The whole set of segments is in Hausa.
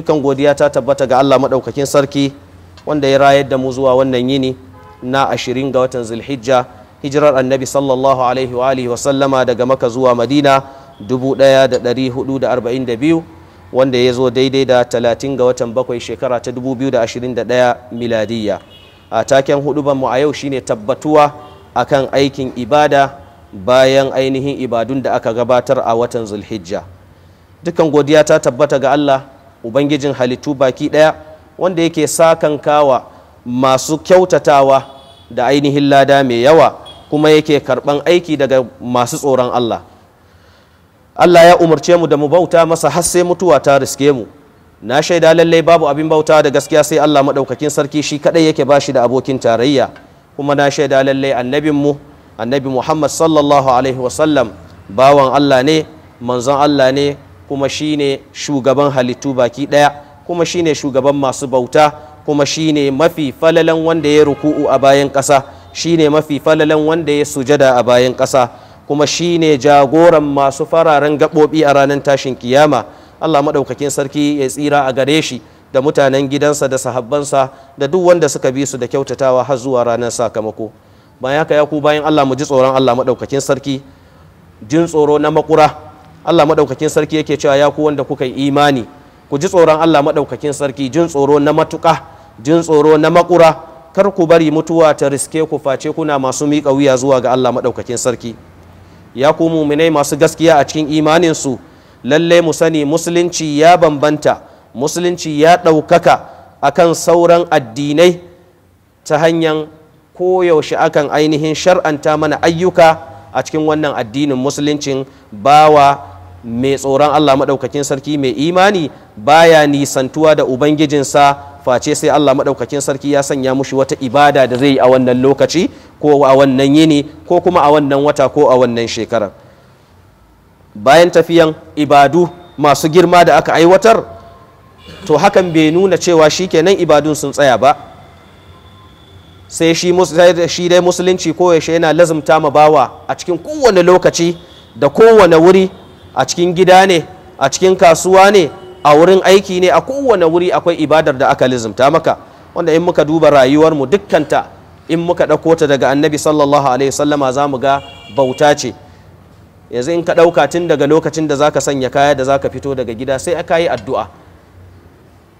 dukan godiya ta tabbata ga Allah maɗaukakin sarki wanda ya rayar da mu zuwa wannan yini na ashirin ga watan zulhijja hijirar annabi sallallahu alaihi wa alihi wasallama daga maka zuwa madina 1442 wanda ya zo daidai da talatin ga watan bakwai shekara ta 2021 miladiyya a taken huduban mu a yau shine tabbatuwa akan aikin ibada bayan ainihin ibadun da aka gabatar a watan zulhijja dukan godiya ta tabbata ga Allah ubangijin halittu baki ɗaya wanda yake sakankawa masu kyautatawa da ainihin lada mai yawa kuma yake karɓan aiki daga masu tsoron Allah Allah ya umarce mu da mu bauta masa har sai mutuwa ta riske mu na shaida lallai babu abin bauta da gaskiya sai Allah maɗaukakin sarki shi kaɗai yake ba shi da abokin tarayya kuma na shaida lallai annabin mu annabi Muhammad sallallahu alaihi wasallam bawan Allah ne manzon Allah ne kuma shine shugaban halittu baki ɗaya kuma shine shugaban masu bauta kuma shine mafi falalan wanda ya ruku'u a bayan ƙasa shine mafi falalan wanda ya sujada a bayan ƙasa kuma shine jagoran masu fararen gaɓoɓi a ranar tashin kiyama allah maɗaukakin sarki ya tsira a gare shi da mutanen gidansa da sahabbansa da duk wanda suka bi su da kyautatawa har zuwa ranar sakamako bayan haka ya ku bayan allah mu ji tsoron allah maɗaukakin sarki jin tsoro na makura Allah madaukakin sarki yake cewa ya ku wanda kuka yi imani ku ji tsoron Allah maɗaukakin sarki jin tsoro na matuka jin tsoro na makura kar ku bari mutuwa ta riske ku face kuna masu miƙa wuya zuwa ga Allah maɗaukakin sarki ya ku muminai masu gaskiya a cikin imanin su lalle mu sani musulunci ya bambanta musulunci ya ɗaukaka akan sauran addinai ta hanyar koyaushe akan ainihin shar'anta mana ayyuka a cikin wannan addinin musuluncin bawa mai tsoron Allah maɗaukakin sarki mai imani baya nisantuwa da ubangijinsa face sai Allah maɗaukakin sarki ya sanya mushi wata ibada da zai yi a wannan lokaci ko a wannan yini ko kuma a wannan wata ko a wannan shekarar bayan tafiyan ibadu masu girma da aka aiwatar to hakan bai nuna cewa shi kenan ibadun sun tsaya ba sai shi dai musulunci koyaushe yana lazumta ma bawa a cikin kowane lokaci da kowane wuri a cikin gida ne a cikin kasuwa ne a wurin aiki ne a kowane wuri akwai ibadar da aka lizimta maka wanda in muka duba rayuwarmu dukkanta in muka ɗauko ta daga annabi sallallahu alaihi wasallama za mu ga bauta ce yanzu in ka ɗauka tun daga lokacin da zaka sanya kaya da zaka fito daga gida sai ka yi addu'a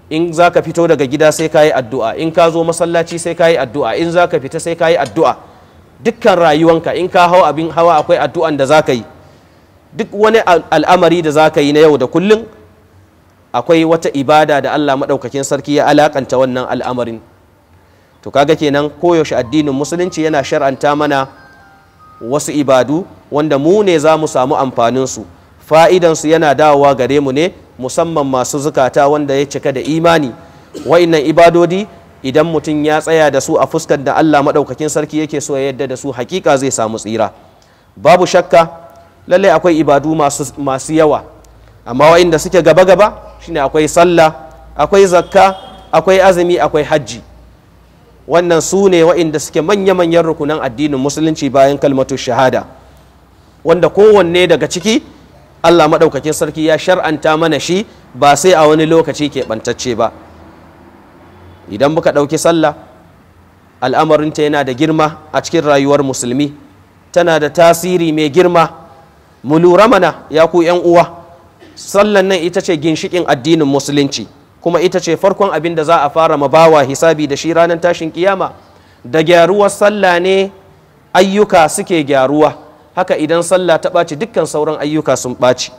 in zaka fito daga gida sai ka yi addu'a in ka zo masallaci sai ka yi addu'a in zaka fita sai ka yi addu'a dukkan rayuwanka in ka hau abin hawa akwai addu'an da zaka yi duk wani al'amari da za ka yi na yau da kullum akwai wata ibada da Allah maɗaukakin sarki ya alakanta wannan al'amarin to kaga kenan koyaushe addinin musulunci yana shar'anta mana wasu ibadu wanda mu ne za mu samu amfaninsu fa'idansu yana dawowa gare mu ne musamman masu zukata wanda ya cika da imani wa'innan ibadodi idan mutum ya tsaya da su a fuskar da Allah maɗaukakin sarki yake so ya yadda da su hakika zai samu tsira babu shakka lallai akwai ibadu masu yawa amma wa'inda suke gaba gaba shine akwai sallah akwai zakka akwai azumi akwai hajji wannan su ne wa'inda suke manya manyan rukunan addinin musulunci bayan kalmatu shahada wanda kowanne daga ciki Allah maɗaukakin sarki ya shar'anta mana shi ba sai a wani lokaci keɓantacce ba idan muka ɗauki sallah al'amarinta yana da girma a cikin rayuwar musulmi tana da tasiri mai girma mu lura mana ya ku yan uwa sallan nan ita ce ginshikin addinin musulunci kuma ita ce farkon abin da za a fara mabawa hisabi da shi ranar tashin kiyama da gyaruwar sallah ne ayyuka suke gyaruwa haka idan sallah ta ɓaci dukkan sauran ayyuka sun ɓaci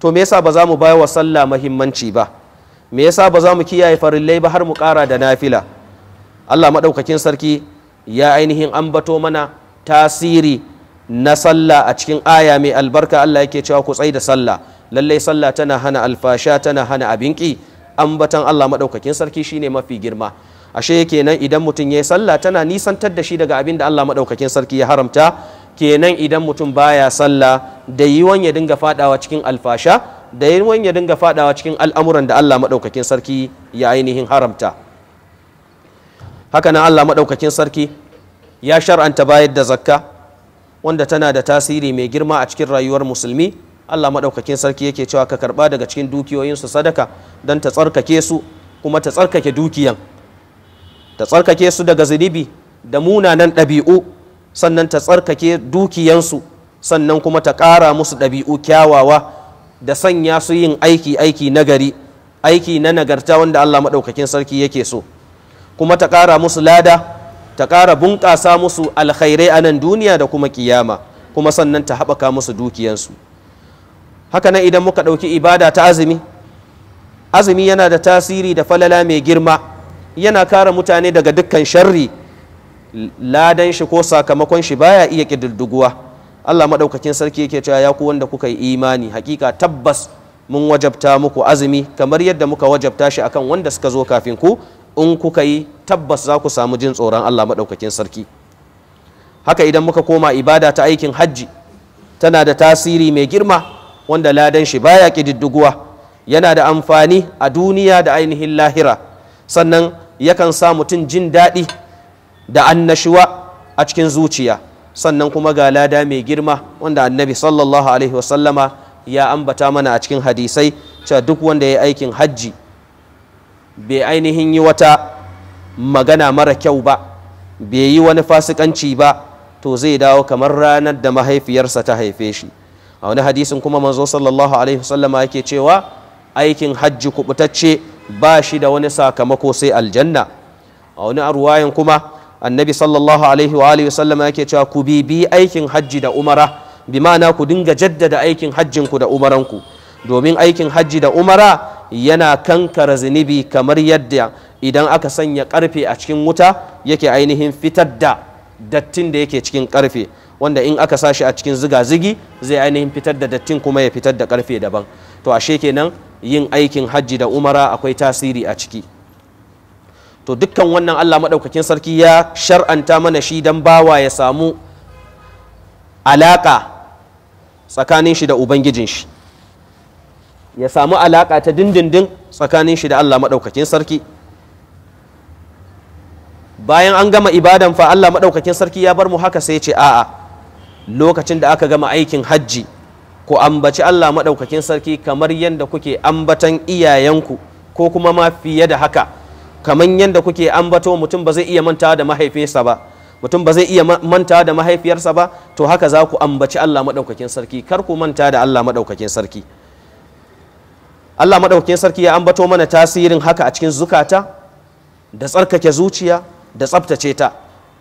to me yasa ba za mu wa sallah muhimmanci ba me yasa ba za mu kiyaye farillai ba har mu ƙara da nafila Allah maɗaukakin sarki ya ainihin ambato mana tasiri na sallah a cikin aya mai albarka Allah yake cewa ku tsai da sallah lallai sallah tana hana alfasha tana hana abinki ambatan Allah madaukakin sarki shine mafi girma ashe kenan idan mutum ya yi sallah tana nisantar da shi daga abin da Allah madaukakin sarki ya haramta kenan idan mutum baya sallah da wani ya dinga fadawa cikin alfasha da wani ya dinga fadawa cikin al'amuran da Allah madaukakin sarki ya ainihin haramta haka nan Allah madaukakin sarki ya shar'anta bayar da zakka wanda tana da tasiri mai girma a cikin rayuwar musulmi Allah maɗaukakin sarki yake cewa ka karɓa daga cikin dukiyoyinsu sadaka don ta tsarkake su kuma ta tsarkake dukiyan ta tsarkake su daga zunubi da munanan ɗabi'u sannan ta tsarkake dukiyansu sannan kuma ta ƙara musu ɗabi'u kyawawa da sanya su yin aiki aiki nagari aiki na nagarta wanda Allah maɗaukakin sarki yake so kuma ta ƙara musu lada ta ƙara bunƙasa musu alkhairai a nan duniya da kuma kiyama kuma sannan ta haɓaka musu dukiyansu haka nan idan muka ɗauki ibada ta azumi azumi yana da tasiri da falala mai girma yana kare mutane daga dukkan sharri ladan shi ko sakamakon shi baya iya ƙididduguwa Allah maɗaukakin sarki yake cewa ya ku wanda kuka yi imani hakika tabbas mun wajabta muku azumi kamar yadda muka wajabta shi akan wanda suka zo kafin ku in kuka yi tabbas za ku samu jin tsoron Allah maɗaukakin sarki haka idan muka koma ibada ta aikin hajji tana da tasiri mai girma wanda ladan shi baya ƙididdiguwa yana da amfani a duniya da ainihin lahira sannan yakan sa mutum jin daɗi da annashuwa a cikin zuciya sannan kuma ga lada mai girma wanda annabi sallallahu alaihi wasallama ya ambata mana a cikin hadisai cewa duk wanda ya yi aikin hajji bai ainihin yi wata magana mara kyau ba bai yi wani fasikanci ba to zai dawo kamar ranar da mahaifiyarsa ta haife shi a wani hadisin kuma manzo sallallahu alaihi wasallama yake cewa aikin hajji kubutacce ba shi da wani sakamako sai aljanna a wani arwayan kuma annabi sallallahu alaihi wa alihi wasallama yake cewa ku bibi aikin hajji da umara bi ma'ana ku dinga jaddada aikin hajjin ku da umaranku domin aikin hajji da umara yana kankara zunubi kamar yadda idan aka sanya karfe a cikin wuta yake ainihin fitar da dattin da yake cikin karfe wanda in aka sashi a cikin zigazigi zai ainihin fitar da dattin kuma ya fitar da karfe daban to ashe kenan yin aikin hajji da umara akwai tasiri a ciki to dukkan wannan Allah maɗaukakin sarki ya shar'anta mana shi don bawa ya samu alaka tsakanin shi da ubangijin shi ya samu alaƙa ta dindindin tsakanin shi da Allah maɗaukakin sarki bayan an gama ibadan fa Allah maɗaukakin sarki ya bar mu haka sai ce a'a lokacin da aka gama aikin hajji ku ambaci Allah maɗaukakin sarki kamar yadda kuke ambatan iyayenku ko kuma ma fiye da haka kamar yadda kuke ambato mutum ba zai iya mantawa da mahaifinsa ba mutum ba zai iya manta da mahaifiyarsa ba to haka za ku ambaci Allah maɗaukakin sarki kar ku manta da Allah maɗaukakin sarki Allah maɗaukakin sarki ya ambato mana tasirin haka a cikin zukata da tsarkake zuciya da tsabtace ta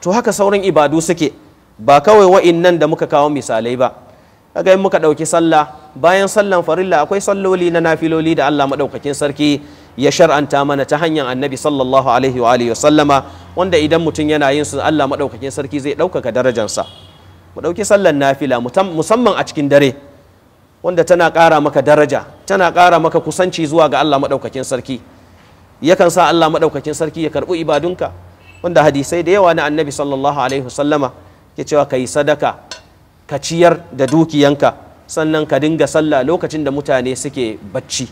to haka sauran ibadu suke ba kawai wa'innan da muka kawo misalai ba kaga in muka ɗauki sallah bayan sallan farilla akwai salloli na nafiloli da Allah maɗaukakin sarki ya shar'anta mana ta hanyar annabi sallallahu alaihi wa alihi sallama wanda idan mutum yana yin su Allah maɗaukakin sarki zai ɗaukaka darajarsa mu ɗauki sallan nafila musamman a cikin dare wanda tana ƙara maka daraja tana ƙara maka kusanci zuwa ga Allah maɗaukakin sarki yakan sa Allah maɗaukakin sarki ya karɓi ibadunka wanda hadisai da yawa na annabi sallallahu alaihi wasallama ke cewa ka yi sadaka ka ciyar da dukiyanka sannan ka dinga sallah lokacin da mutane suke bacci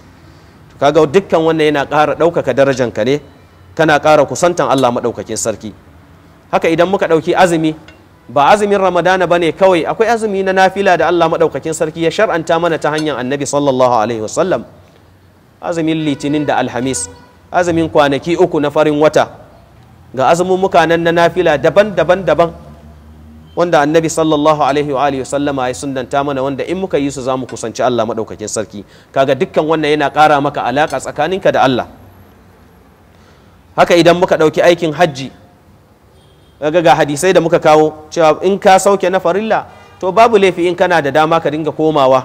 kaga dukkan wannan yana ƙara ɗaukaka darajanka ne kana ƙara kusantan Allah maɗaukakin sarki haka idan muka ɗauki azumi ba azumin ramadana ba ne kawai akwai azumi na nafila da allah maɗaukakin sarki ya shar'anta mana ta hanyar annabi sallallahu alaihi wasallam azumin litinin da alhamis azumin kwanaki uku na farin wata ga azumin mukanan na nafila daban-daban daban wanda annabi sallallahu alaihi wa alihi sallama ya mana wanda in muka yi su zamu kusanci Allah maɗaukakin sarki kaga dukkan wannan yana kara maka alaƙa tsakaninka da Allah haka idan muka ɗauki aikin hajji gaga ga hadisai da muka kawo cewa in ka sauke na farilla to babu laifi in kana da dama ka dinga komawa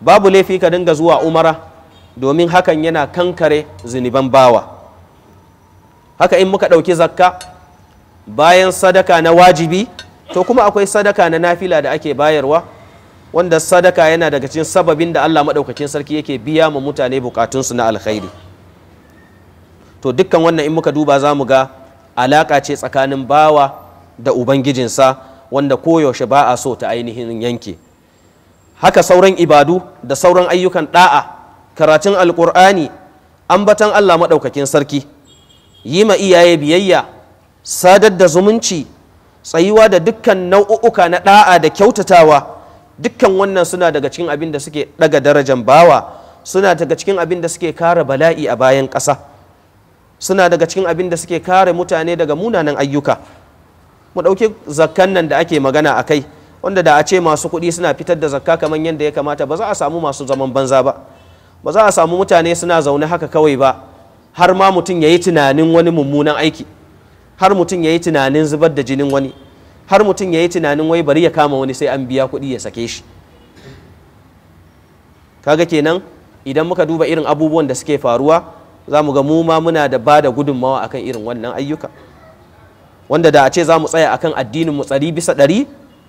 babu laifi ka dinga zuwa umara domin hakan yana kankare zuniban bawa haka in muka ɗauki zakka bayan sadaka na wajibi to kuma akwai sadaka na nafila da ake bayarwa wanda sadaka yana daga cikin sababin da Allah maɗaukakin sarki yake biya ma mutane bukatunsu na alkhairi to dukkan wannan in muka duba zamu ga alaƙa ce tsakanin bawa da ubangijinsa wanda koyaushe ba a so ta ainihin yanke haka sauran ibadu da sauran ayyukan ɗa'a karatun alƙur'ani ambatan allah maɗaukakin sarki yi ma iyaye biyayya sadar da zumunci tsayuwa da dukkan nau'uka na ɗa'a da kyautatawa dukkan wannan suna daga cikin abin da suke ɗaga darajan bawa suna daga cikin abin da suke kare bala'i a bayan ƙasa suna daga cikin abin da suke kare mutane daga munanan ayyuka mu ɗauki zakkan nan da ake magana a kai wanda da a ce masu kuɗi suna fitar da zakka kamar yadda ya kamata ba za a samu masu zaman banza ba ba za a samu mutane suna zaune haka kawai ba har ma mutum ya yi tunanin wani mummunan aiki har mutum ya yi tunanin zubar da jinin wani har mutum ya yi tunanin wai bari ya kama wani sai an biya kuɗi ya sake shi kaga kenan idan muka duba irin abubuwan da suke faruwa za mu ga mu ma muna da ba da gudunmawa akan irin wannan ayyuka wanda da a ce za mu tsaya akan addinin mu tsari bisa ɗari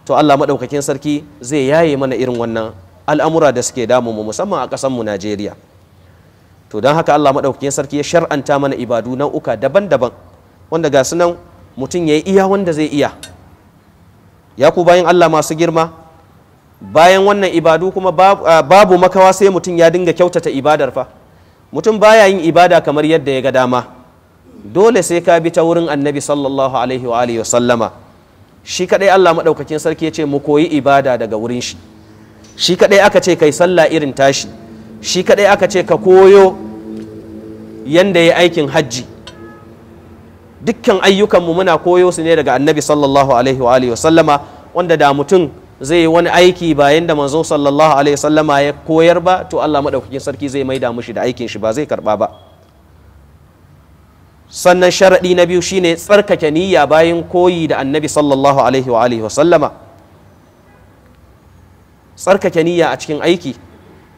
to Allah maɗaukakin sarki zai yaye mana irin wannan al'amura da suke damu mu musamman a ƙasar mu Najeriya to don haka Allah maɗaukakin sarki ya shar'anta mana ibadu na uka daban-daban wanda ga sunan mutum ya yi iya wanda zai iya ya ku bayan Allah masu girma bayan wannan ibadu kuma babu makawa sai mutum ya dinga kyautata ibadar fa mutum baya yin ibada kamar yadda ya ga dama dole sai ka bi ta wurin annabi sallallahu alaihi wa alihi sallama shi kadai Allah madaukakin sarki ya ce mu koyi ibada daga wurin shi shi kadai aka ce kai sallah irin tashi shi kadai aka ce ka koyo yanda ya aikin hajji dukkan ayyukanmu muna koyo su ne daga annabi sallallahu alaihi wa alihi sallama wanda da mutum zai yi wani aiki bayan da manzo sallallahu alaihi sallama ya koyar ba to Allah madaukakin sarki zai maida mushi da aikin shi ba zai karba ba sannan sharadi na biyu shine tsarkake niyya bayan koyi da annabi sallallahu alaihi wa alihi wasallama tsarkake niyya a cikin aiki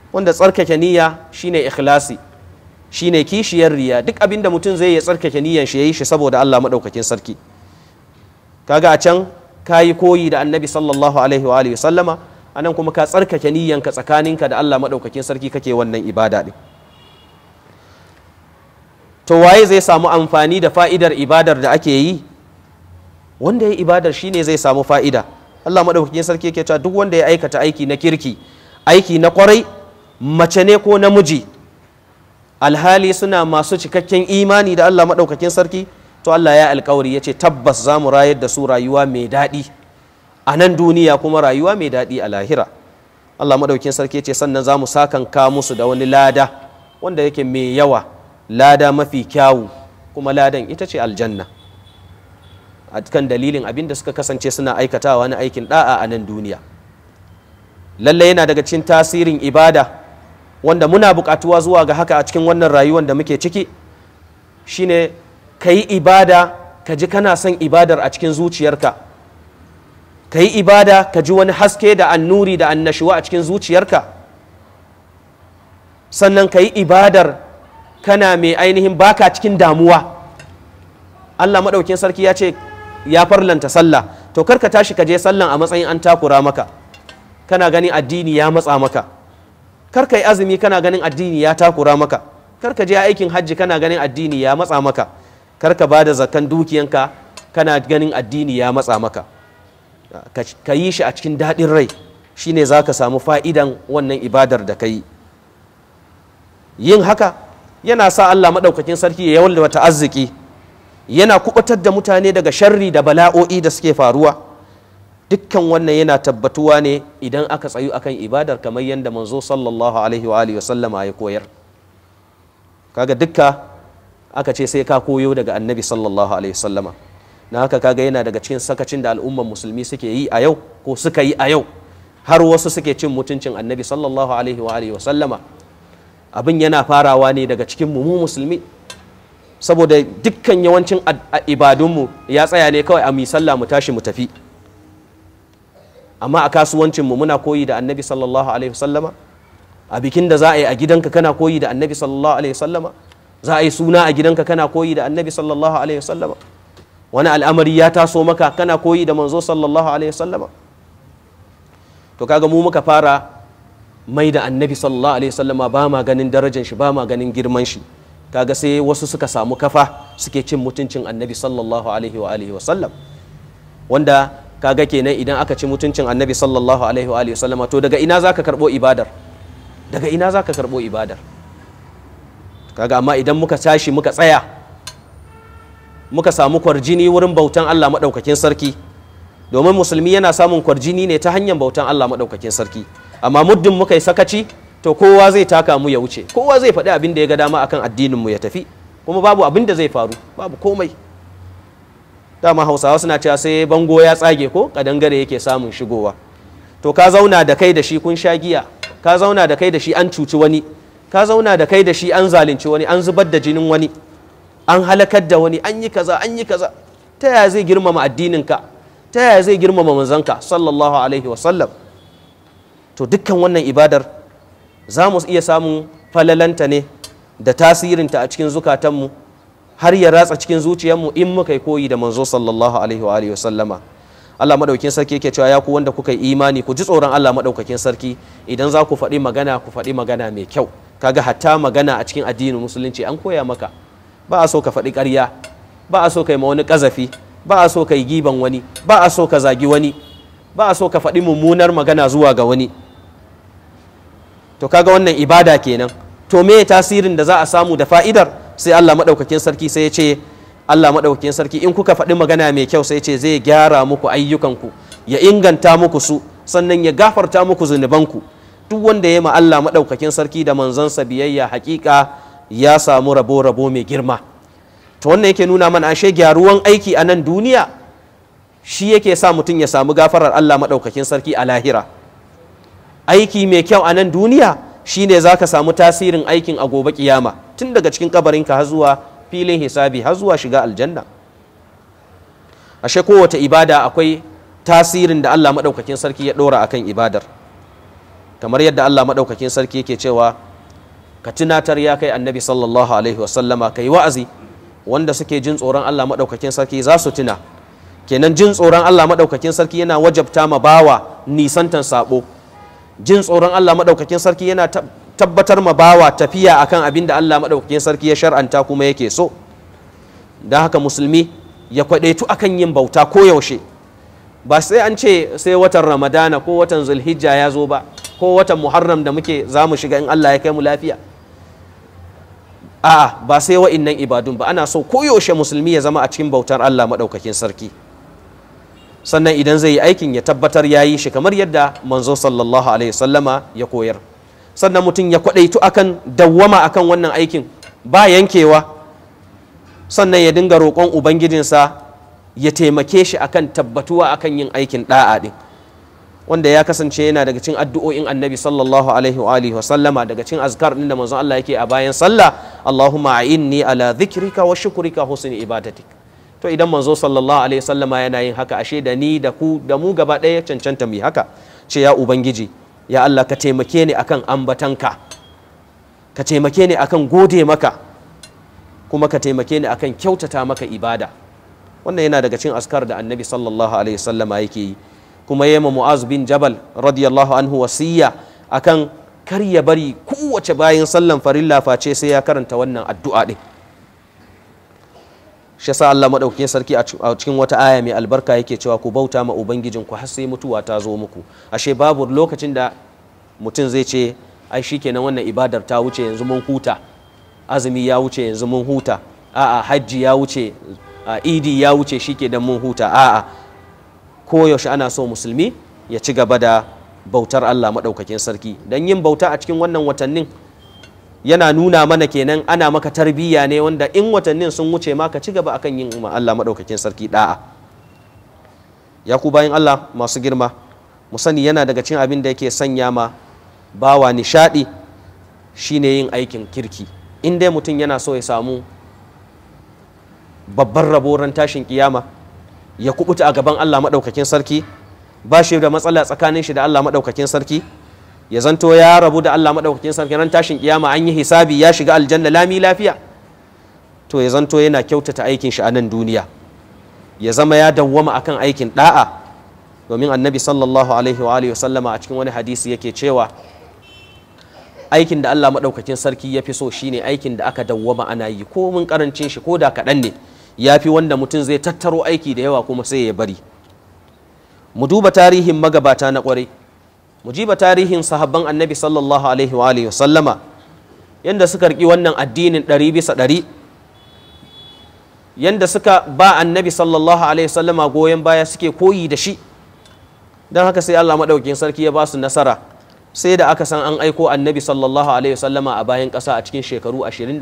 wanda tsarkake niyya shine ikhlasi shine kishiyar riya duk abinda mutum zai ya tsarkake niyyan shi yayi shi saboda Allah madaukakin sarki kaga a can ka yi koyi da annabi sallallahu alaihi wa alihi sallama anan kuma ka tsarkake niyyanka tsakaninka da Allah madaukakin sarki kake wannan ibada din to waye zai samu amfani da fa'idar ibadar da ake yi wanda ya ibadar shine zai samu fa'ida Allah madaukakin sarki yake cewa duk wanda ya aikata aiki na kirki aiki na kwarai mace ne ko namiji alhali suna masu cikakken imani da Allah madaukakin sarki to Allah ya alkawari ya ce tabbas za mu rayar da su rayuwa mai daɗi a nan duniya kuma rayuwa mai daɗi a lahira Allah maɗaukin sarki ya ce sannan za mu sakanka musu da wani lada wanda yake mai yawa lada mafi kyawu kuma ladan ita ce aljanna a kan dalilin abin da suka kasance suna aikatawa wani aikin da'a a nan duniya lallai yana daga cikin tasirin ibada wanda muna buƙatuwa zuwa ga haka a cikin wannan rayuwar da muke ciki shine ka yi ibada ka ji kana son ibadar a cikin zuciyarka ka yi ibada ka ji wani haske da annuri da annashuwa a cikin zuciyarka sannan ka yi ibadar kana mai ainihin baka cikin damuwa Allah maɗaukin sarki ya ce ya farlanta sallah to karka tashi ka je sallan a matsayin an takura maka kana ganin addini ya matsa maka karka yi azumi kana ganin addini ya takura maka karka je aikin hajji kana ganin addini ya matsa maka kar ka da zakan dukiyanka kana ganin addini ya matsa maka ka yi shi a cikin daɗin rai shine za ka samu fa'idan wannan ibadar da ka yi yin haka yana sa Allah maɗaukakin sarki ya wata arziki yana kubatar da mutane daga sharri da bala'o'i da suke faruwa dukkan wannan yana tabbatuwa ne idan aka tsayu akan ibadar kamar yadda manzo sallallahu alaihi wa sallama ya koyar kaga dukka aka ce sai ka koyo daga annabi sallallahu alaihi wasallama na haka kaga yana daga cikin sakacin da al'umman musulmi suke yi a yau ko suka yi a yau har wasu suke cin mutuncin annabi sallallahu alaihi wa alihi wasallama abin yana farawa ne daga cikin mu musulmi saboda dukkan yawancin ibadunmu ya tsaya ne kawai a mi sallah mu tashi mu tafi amma a kasuwancin mu muna koyi da annabi sallallahu alaihi wasallama a bikin da za a yi a gidanka kana koyi da annabi sallallahu alaihi wasallama za a yi suna a gidanka kana koyi da annabi sallallahu alaihi wasallama wani al'amari ya taso maka kana koyi da manzo sallallahu alaihi wasallama to kaga mu muka fara mai da annabi sallallahu alaihi wasallama ba ma ganin darajar shi ba ma ganin girman shi kaga sai wasu suka samu kafa suke cin mutuncin annabi sallallahu alaihi wa alihi wasallam wanda kaga kenan idan aka ci mutuncin annabi sallallahu alaihi wa alihi wasallama to daga ina zaka karbo ibadar daga ina zaka karbo ibadar kaga amma idan muka tashi muka tsaya muka samu kwarjini wurin bautan Allah maɗaukakin sarki domin musulmi yana samun kwarjini ne ta hanyar bautan Allah maɗaukakin sarki amma muddin muka yi sakaci to kowa zai taka mu ya wuce kowa zai faɗi abin da ya ga dama akan addinin mu ya tafi kuma babu abin da zai faru babu komai dama hausawa suna cewa sai bango ya tsage ko kadangare yake samun shigowa to ka zauna da kai da shi kun sha giya ka zauna da kai da shi an cuci wani ka zauna da kai da shi an zalunci wani an zubar da jinin wani an halakar da wani an yi kaza an yi kaza ta yaya zai girmama addininka ta yaya zai girmama manzanka sallallahu alaihi wa sallam to dukkan wannan ibadar za mu iya samun falalanta ne da tasirinta a cikin zukatanmu har ya ratsa cikin zuciyarmu in muka koyi da manzo sallallahu alaihi wa alihi sallama Allah madaukakin sarki yake cewa ya ku wanda kuka yi imani ku ji tsoron Allah madaukakin sarki idan za ku faɗi magana ku faɗi magana mai kyau kaga hatta magana a cikin addinin musulunci an koya maka ba a so ka faɗi ƙarya ba a so ka yi ma wani ƙazafi ba a so ka yi giban wani ba a so ka zagi wani ba a so ka faɗi mummunar magana zuwa ga wani to kaga wannan ibada kenan to me tasirin da za a samu da fa'idar sai Allah maɗaukakin sarki sai ya ce Allah maɗaukakin sarki in kuka faɗi magana mai kyau sai ya ce zai gyara muku ayyukanku ya inganta muku su sannan ya gafarta muku zunubanku duk wanda ya ma Allah maɗaukakin sarki da manzansa biyayya hakika ya samu rabo rabo mai girma to wannan yake nuna mana ashe gyaruwan aiki a nan duniya shi yake sa mutum ya samu gafarar Allah maɗaukakin sarki a lahira aiki mai kyau a nan duniya shine za ka samu tasirin aikin a gobe kiyama tun daga cikin kabarin ka zuwa filin hisabi har zuwa shiga aljanna ashe kowace ibada akwai tasirin da Allah maɗaukakin sarki ya ɗora akan ibadar kamar yadda Allah maɗaukakin sarki yake cewa ka tunatar ya kai annabi sallallahu alaihi wasallama ka yi wa'azi wanda suke jin tsoron Allah maɗaukakin sarki za su tuna kenan jin tsoron Allah maɗaukakin sarki yana wajabta ma bawa nisantan sabo jin tsoron Allah maɗaukakin sarki yana tabbatar ma bawa tafiya akan abin da Allah maɗaukakin sarki ya shar'anta kuma yake so don haka musulmi ya kwadaitu akan yin bauta koyaushe ba sai an ce sai watan ramadana ko watan zulhijja ya zo ba ko watan muharram da muke za mu shiga in allah ya kai mu lafiya a'a ba sai wa'innan ibadun ba ana so koyaushe musulmi ya zama a cikin bautar allah maɗaukakin sarki sannan idan zai yi aikin ya tabbatar ya yi shi kamar yadda manzo sallallahu alaihi sallama ya koyar sannan mutum ya kwaɗaitu akan dawwama akan wannan aikin ba yankewa sannan ya dinga roƙon ubangijinsa ya taimake shi akan tabbatuwa akan yin aikin da'a din wanda ya kasance yana daga cikin addu'o'in annabi sallallahu alaihi wa alihi wa sallama daga cikin azkar din da manzon Allah yake a bayan sallah Allahumma a'inni ala dhikrika wa shukrika husni ibadatik to idan manzo sallallahu alaihi sallama yana yin haka ashe da ni da ku da mu gaba ɗaya cancanta mu haka ce ya ubangiji ya Allah ka taimake ni akan ambatanka ka taimake ni akan gode maka kuma ka taimake ni akan kyautata maka ibada wannan yana daga cin askar da annabi sallallahu alaihi wasallama yake yi kuma yema mu'az bin jabal radiyallahu anhu wasiya akan kar ya bari kowace bayan sallan farilla face sai ya karanta wannan addu'a din shi sa Allah madaukakin sarki a cikin wata aya mai albarka yake cewa ku bauta ma ubangijin ku har sai mutuwa ta zo muku ashe babu lokacin da mutum zai ce ai shikenan wannan ibadar ta wuce yanzu mun huta azumi ya wuce yanzu mun huta a'a hajji ya wuce a idi ya wuce shi ke don mun huta a'a koyaushe ana so musulmi ya ci gaba da bautar Allah maɗaukakin sarki don yin bauta a cikin wannan watannin yana nuna mana kenan ana maka tarbiyya ne wanda in watannin sun wuce ma ka ci gaba akan yin umar Allah maɗaukakin sarki ɗa'a ya ku bayan Allah masu girma mu sani yana daga cin abin da yake sanya ma bawa nishaɗi shine yin aikin kirki in dai mutum yana so ya samu babban rabo ran tashin kiyama ya kubuta a gaban Allah maɗaukakin sarki ba shi da matsala tsakanin shi da Allah maɗaukakin sarki ya zanto ya rabu da Allah maɗaukakin sarki ran tashin kiyama an yi hisabi ya shiga aljanna lami lafiya to ya zanto yana kyautata aikin shi a nan duniya ya zama ya dawwama akan aikin da'a domin annabi sallallahu alaihi wa alihi a cikin wani hadisi yake cewa aikin da Allah maɗaukakin sarki ya fi so shine aikin da aka dawwama ana yi ko mun karancin shi ko da kaɗan ne ya fi wanda mutum zai tattaro aiki da yawa kuma sai ya bari mu duba tarihin magabata na kwarai mu jiba tarihin sahabban annabi sallallahu alaihi wa alihi sallama yanda suka riki wannan addinin ɗari bisa ɗari yanda suka ba annabi sallallahu alaihi sallama goyon baya suke koyi da shi don haka sai Allah maɗaukin sarki ya ba su nasara sai da aka san an aiko annabi sallallahu alaihi wasallama a bayan ƙasa a cikin shekaru 23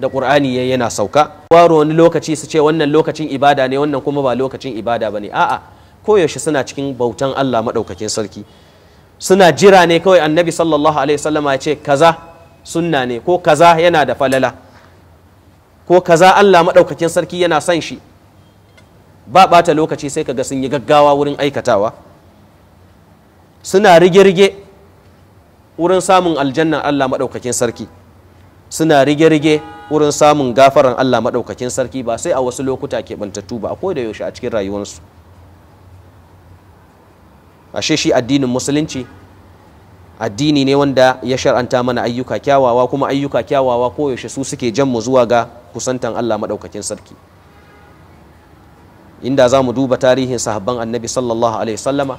da ƙur'ani ya yana sauka waro wani lokaci su ce wannan lokacin ibada ne wannan kuma ba lokacin ibada ba ne a'a koyaushe suna cikin bautan Allah maɗaukakin sarki suna jira ne kawai annabi sallallahu alaihi wasallama ya ce kaza sunna ne ko kaza yana da falala ko kaza Allah maɗaukakin sarki yana son shi ba bata lokaci sai kaga sun yi gaggawa wurin aikatawa suna rige-rige wurin samun aljannan Allah maɗaukakin sarki suna rige-rige wurin samun gafaran Allah maɗaukakin sarki ba sai a wasu lokuta ke keɓantattu ba a da yaushe a cikin rayuwarsu ashe shi addinin musulunci addini ne wanda ya shar'anta mana ayyuka kyawawa kuma ayyuka kyawawa koyaushe su suke jan mu zuwa ga kusantan Allah maɗaukakin sarki inda za mu duba tarihin sahabban annabi sallallahu alaihi sallama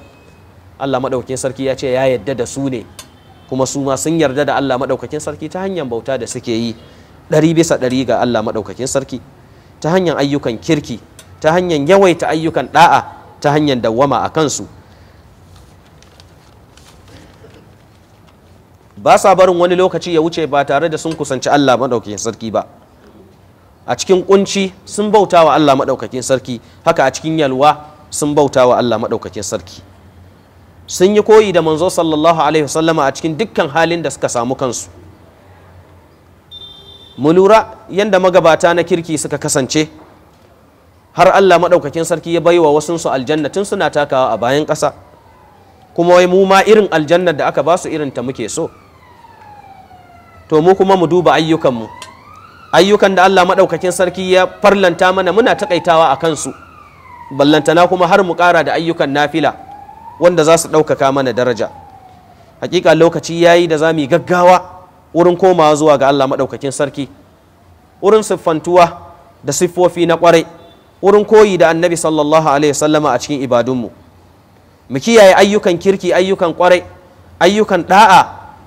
Allah maɗaukakin sarki ya ce ya yadda da su ne kuma su ma sun yarda da Allah maɗaukakin sarki ta hanyar bauta da suke yi ɗari bisa ɗari ga Allah maɗaukakin sarki ta hanyar ayyukan kirki ta hanyar yawaita ayyukan ɗa'a ta hanyar dawwama a kansu ba sa barin wani lokaci ya wuce ba tare da sun kusanci Allah maɗaukakin sarki ba a cikin kunci sun bauta wa Allah maɗaukakin sarki haka a cikin yalwa sun bauta wa Allah maɗaukakin sarki sun yi koyi da manzo sallallahu alaihi wasallama a cikin dukkan halin da suka samu kansu mu lura yadda magabata na kirki suka kasance har Allah maɗaukakin sarki ya baiwa wasunsu aljanna tun suna takawa a bayan ƙasa kuma wai mu ma irin aljannar da aka basu su irin ta muke so to mu kuma mu duba ayyukan mu. ayyukan da Allah maɗaukakin sarki ya farlanta mana muna takaitawa a kansu ballantana kuma har mu ƙara da ayyukan nafila wanda za su ɗaukaka mana daraja hakika lokaci ya yi da za mu yi gaggawa wurin komawa zuwa ga Allah maɗaukakin sarki wurin siffantuwa da siffofi na ƙwarai wurin koyi da annabi sallallahu alaihi wasallama a cikin ibadunmu mu kiyaye ayyukan kirki ayyukan ƙwarai ayyukan ɗa'a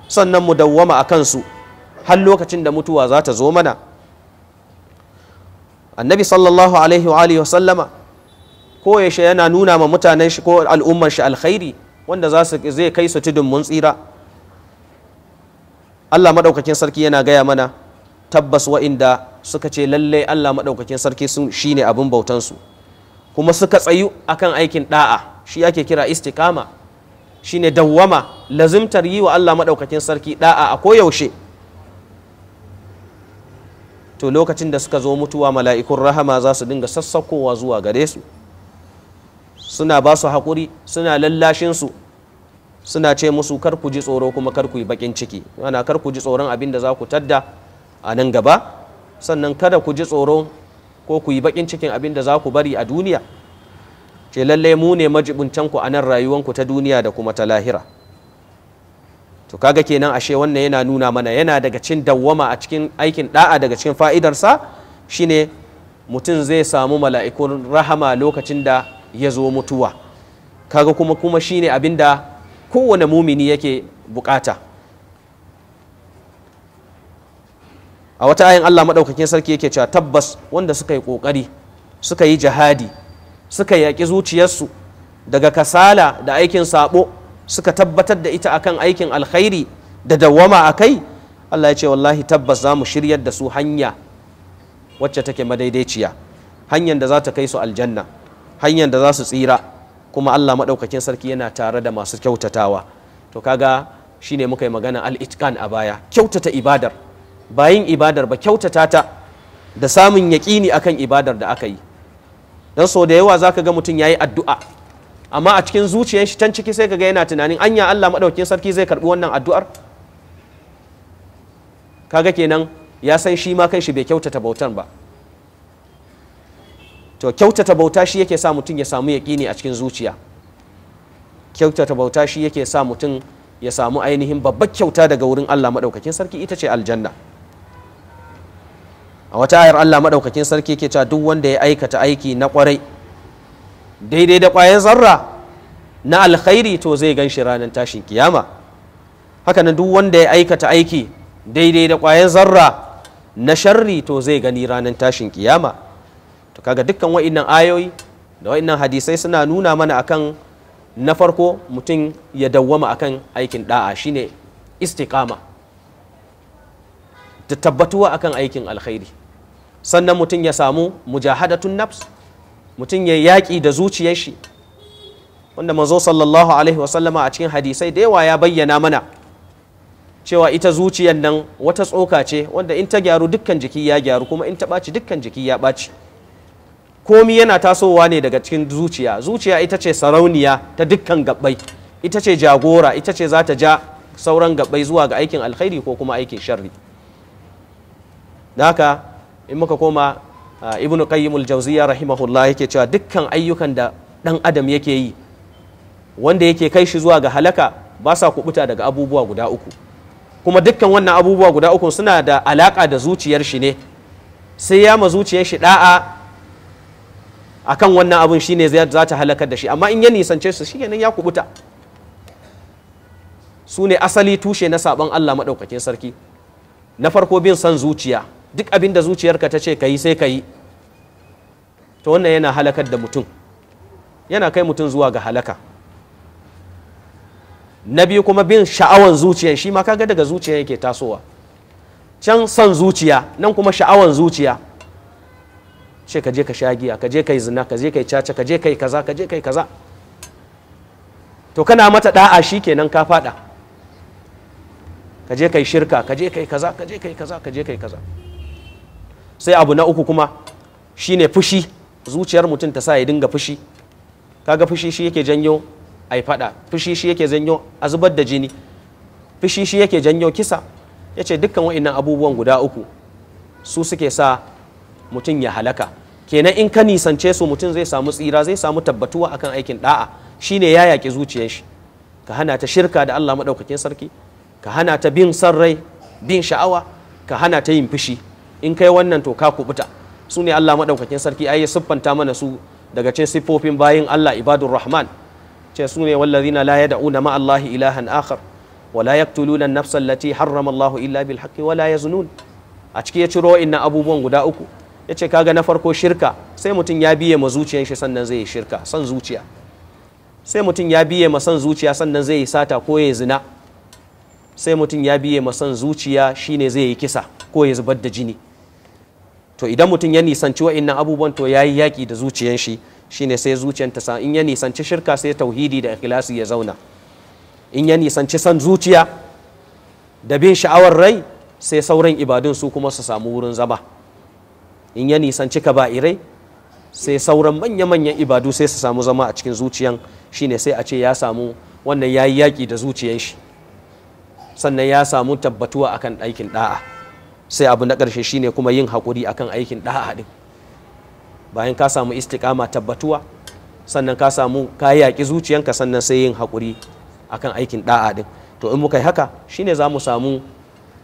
sannan mu dawwama a kansu har lokacin da mutuwa za ta zo mana annabi sallallahu alaihi wa sallama ko yaushe yana nuna ma mutanen shi ko al'ummar shi alkhairi wanda za su zai kai su tudun mun tsira Allah madaukakin sarki yana gaya mana tabbas wa'inda suka ce lallai Allah madaukakin sarki sun shine abin bautan su kuma suka tsayu akan aikin da'a shi yake kira istikama shine dawwama lazimtar yi wa Allah madaukakin sarki da'a a koyaushe to lokacin da suka zo mutuwa mala'ikun rahama za su dinga sassakowa zuwa gare su suna ba su haƙuri suna lallashin su suna ce musu kar ku ji tsoro kuma kar ku yi baƙin ciki ana kar ku ji tsoron abin da za ku tadda a nan gaba sannan kada ku ji tsoro ko ku yi baƙin cikin abin da za ku bari a duniya ce lallai mu ne majibuncan ku a nan rayuwanku ta duniya da kuma ta lahira to kaga kenan ashe wannan yana nuna mana yana daga cikin dawwama a cikin aikin da'a daga cikin fa'idarsa shine mutum zai samu mala'ikun rahama lokacin da ya zo mutuwa kaga kuma kuma shine abinda da kowane mumini yake bukata a wata ayin Allah maɗaukakin sarki yake cewa tabbas wanda suka yi ƙoƙari suka yi jihadi suka yaƙi zuciyarsu daga kasala da aikin saɓo suka tabbatar da ita akan aikin alkhairi da dawama a kai Allah ya ce wallahi tabbas za mu shiryar da su hanya wacce take madaidaiciya hanyar da za ta kai su aljanna hanyar da za su tsira kuma Allah maɗaukakin sarki yana tare da masu kyautatawa to kaga shi shine muka yi magana al itkan a baya kyautata ibadar bayin ibadar ba kyautata ta da samun yaƙini akan ibadar da aka yi don so da yawa zaka ga mutum ya yi addu'a amma a cikin zuciyar shi can ciki sai ka ga yana tunanin anya Allah maɗaukin sarki zai karɓi wannan addu'ar kaga kenan ya san shi ma kan shi bai kyautata bautan ba to kyautata bauta shi yake sa mutum ya samu yaƙini a cikin zuciya kyautata bauta shi yake sa mutum ya samu ainihin babbar kyauta daga wurin Allah maɗaukakin sarki ita ce aljanna a wata ayar Allah maɗaukakin sarki yake cewa duk wanda ya aikata aiki na ƙwarai daidai da ƙwayan zarra na alkhairi to zai gan shi ranar tashin kiyama haka nan duk wanda ya aikata aiki daidai da ƙwayan zarra na sharri to zai gani ranar tashin kiyama to kaga dukkan wa'innan ayoyi da wa'innan hadisai suna nuna mana akan na farko mutum ya dawwama akan aikin da'a shine istiqama da tabbatuwa akan aikin alkhairi sannan mutum ya samu mujahadatun nafs mutum ya yaki da zuciyar shi wanda manzo sallallahu alaihi wasallama a cikin hadisai da yawa ya bayyana mana cewa ita zuciyar nan wata tsoka ce wanda in ta gyaru dukkan jiki ya gyaru kuma in ta ɓaci dukkan jiki ya ɓaci komi yana tasowa ne daga cikin zuciya zuciya ita ce sarauniya ta dukkan gabbai ita ce jagora ita ce za ta ja sauran gabbai zuwa ga aikin alkhairi ko kuma aikin sharri da haka in muka koma ah, ibnu qayyim ya rahimahullah yake cewa dukkan ayyukan da dan adam yake yi wanda yake kai shi zuwa ga halaka ba sa kubuta daga abubuwa guda uku kuma dukkan wannan abubuwa guda uku suna da alaka da zuciyar shi ne sai ya ma zuciyar shi da'a akan wannan abin shine za ta halakar da shi amma in ya nisance su shikenan ya kubuta su ne asali tushe na saban Allah maɗaukakin sarki na farko bin san zuciya duk abin da zuciyarka ta ce ka sai kayi yi to wannan yana halakar da mutum yana kai mutum zuwa ga halaka na biyu kuma bin sha'awan zuciya shi ma kaga daga zuciya yake tasowa can san zuciya nan kuma sha'awan zuciya ce ka je ka sha giya ka je kai zina ka je kai caca ka je kai kaza ka je kai kaza to kana mata da'a kenan ka fada ka je kai shirka ka je kai kaza ka je kai kaza ka je kai kaza sai abu na uku kuma shine fushi zuciyar mutum ta sa ya dinga fushi kaga fushi shi yake janyo ai fada fushi shi yake janyo a zubar da jini fushi shi yake janyo kisa ya ce dukkan wa'annan abubuwan guda uku su suke sa mutum ya halaka kenan in ka nisance su mutum zai samu tsira zai samu tabbatuwa akan aikin da'a shine ya yaƙi zuciyar shi ka hana ta shirka da Allah maɗaukakin sarki ka hana ta bin san rai bin sha'awa ka hana ta yin fushi in kai wannan to ka kubuta su ne Allah maɗaukakin sarki ai siffanta mana su daga cikin siffofin bayin Allah ibadur rahman ce su ne wallazina la yad'una ma Allah ilahan akhar wa la yaqtuluna an-nafsa illa bil haqqi wala ya zunun a ciki ya ciro inna abubuwan guda uku ya ce kaga na farko shirka sai mutum ya biye ma zuciyan shi sannan zai yi shirka son zuciya sai mutum ya biye ma son zuciya sannan zai yi sata ko ya zina sai mutum ya biye ma son zuciya shine zai yi kisa ko ya zubar da jini to idan mutum ya nisanci wa'annan abubuwan to ya yi da zuciyan shi shine sai zuciyan ta in ya nisanci shirka sai tauhidi da ikhlasi ya zauna in ya nisanci son zuciya da bin sha'awar rai sai sauran ibadun su kuma su samu wurin zama in ya nisanci irai sai sauran manya-manyan ibadu sai su samu zama a cikin zuciyan shine sai a ce ya samu wannan ya yi yaƙi da zuciyan shi sannan ya samu tabbatuwa akan aikin ɗa'a sai abu na ƙarshe shine kuma yin haƙuri akan aikin ɗa'a din bayan ka samu istikama tabbatuwa sannan ka samu ka yaƙi zuciyanka sannan sai yin haƙuri akan aikin ɗa'a din to in muka yi haka shine za mu samu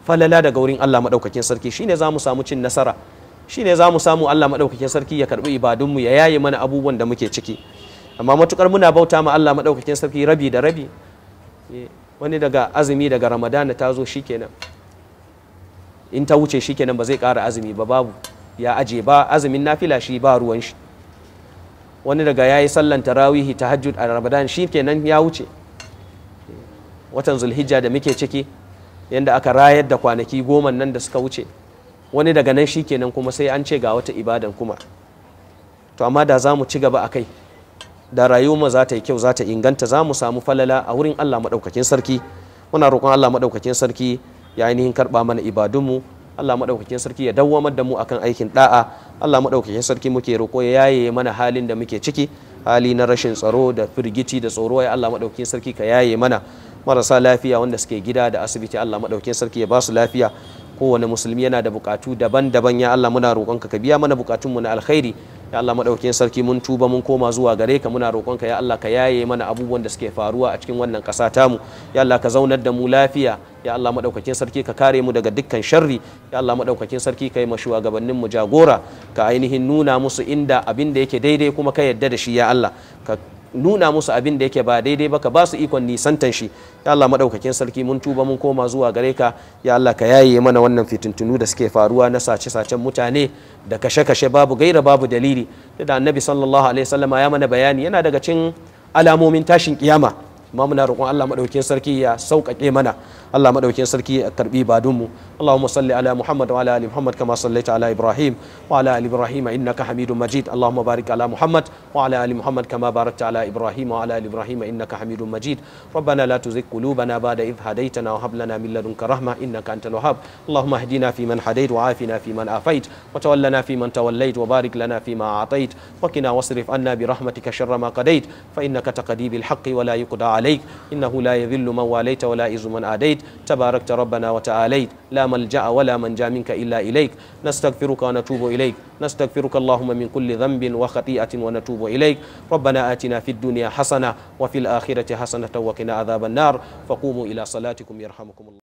falala daga wurin Allah maɗaukakin sarki shine za mu samu cin nasara shi ne za mu samu Allah maɗaukakin sarki ya karɓi ibadunmu ya yaye mana abubuwan da muke ciki amma matukar muna bauta ma Allah maɗaukakin sarki rabi da rabi eh, wani daga azumi daga ramadana ta zo shikenan in ta wuce shikenan ba zai ƙara azumi ba babu ya aje ba azumin nafila shi ba ruwan shi wani daga ya yi sallan tarawihi tahajjud a ramadan shikenan ya wuce watan zulhijja da muke ciki yadda aka rayar da kwanaki goma nan da suka wuce wani daga nan shi kenan kuma sai an ce ga wata ibadan kuma to amma da za mu ci gaba a kai da rayuwa za ta yi kyau za ta inganta za mu samu falala a wurin Allah maɗaukakin sarki muna roƙon Allah maɗaukakin sarki ya ainihin karɓa mana ibadunmu Allah maɗaukakin sarki ya dawwamar da mu akan aikin da'a Allah maɗaukakin sarki muke roƙo ya yaye mana halin da muke ciki hali na rashin tsaro da firgici da tsoro ya Allah maɗaukakin sarki ka yaye mana marasa lafiya wanda suke gida da asibiti Allah maɗaukakin sarki ya ba su lafiya kowane musulmi yana da bukatu daban-daban ya Allah muna roƙonka ka biya mana bukatunmu na alkhairi ya Allah madaukakin sarki mun tuba mun koma zuwa gare ka muna roƙonka ya Allah ka yaye mana abubuwan da suke faruwa a cikin wannan ƙasa tamu ya Allah ka zaunar da mu lafiya ya Allah madaukakin sarki ka kare mu daga dukkan sharri ya Allah madaukakin sarki ka yi ma shugabannin mu jagora ka ainihin nuna musu inda abin da yake daidai kuma ka yadda da shi ya Allah ka nuna musu abin da yake ba daidai ba ka ba su ikon nisantan shi ya Allah madaukakin sarki mun tuba mun koma zuwa gare ka ya Allah ka yaye mana wannan fitintunu da suke faruwa na sace-sacen mutane da kashe-kashe babu gaira babu dalili da annabi sallallahu alaihi wasallama ya mana bayani yana daga cin alamomin tashin kiyama ma muna roƙon Allah madaukakin sarki ya sauƙaƙe mana Allah madaukakin sarki ya tarbi badunmu Allahumma salli ala Muhammad wa ala ali Muhammad kama sallaita ala Ibrahim wa ala ali Ibrahim innaka Hamidum Majid Allahumma barik ala Muhammad wa ala ali Muhammad kama barakta ala Ibrahim wa ala ali Ibrahim innaka Hamidum Majid ربنا لا تزغ قلوبنا بعد إذ هديتنا وهب لنا من لدنك رحمة إنك أنت الوهاب اللهم اهدنا فيمن هديت وعافنا فيمن عافيت وتولنا فيمن توليت وبارك لنا فيما أعطيت وقنا واصرف عنا برحمتك شر ما قضيت فإنك تقدي بالحق ولا يقضى عليك عليك إنه لا يذل من واليت ولا يعز من آديت تباركت ربنا وتعاليت لا ملجأ ولا منجا منك إلا إليك نستغفرك ونتوب إليك نستغفرك اللهم من كل ذنب وخطيئة ونتوب إليك ربنا آتنا في الدنيا حسنة وفي الآخرة حسنة وقنا عذاب النار فقوموا إلى صلاتكم يرحمكم الله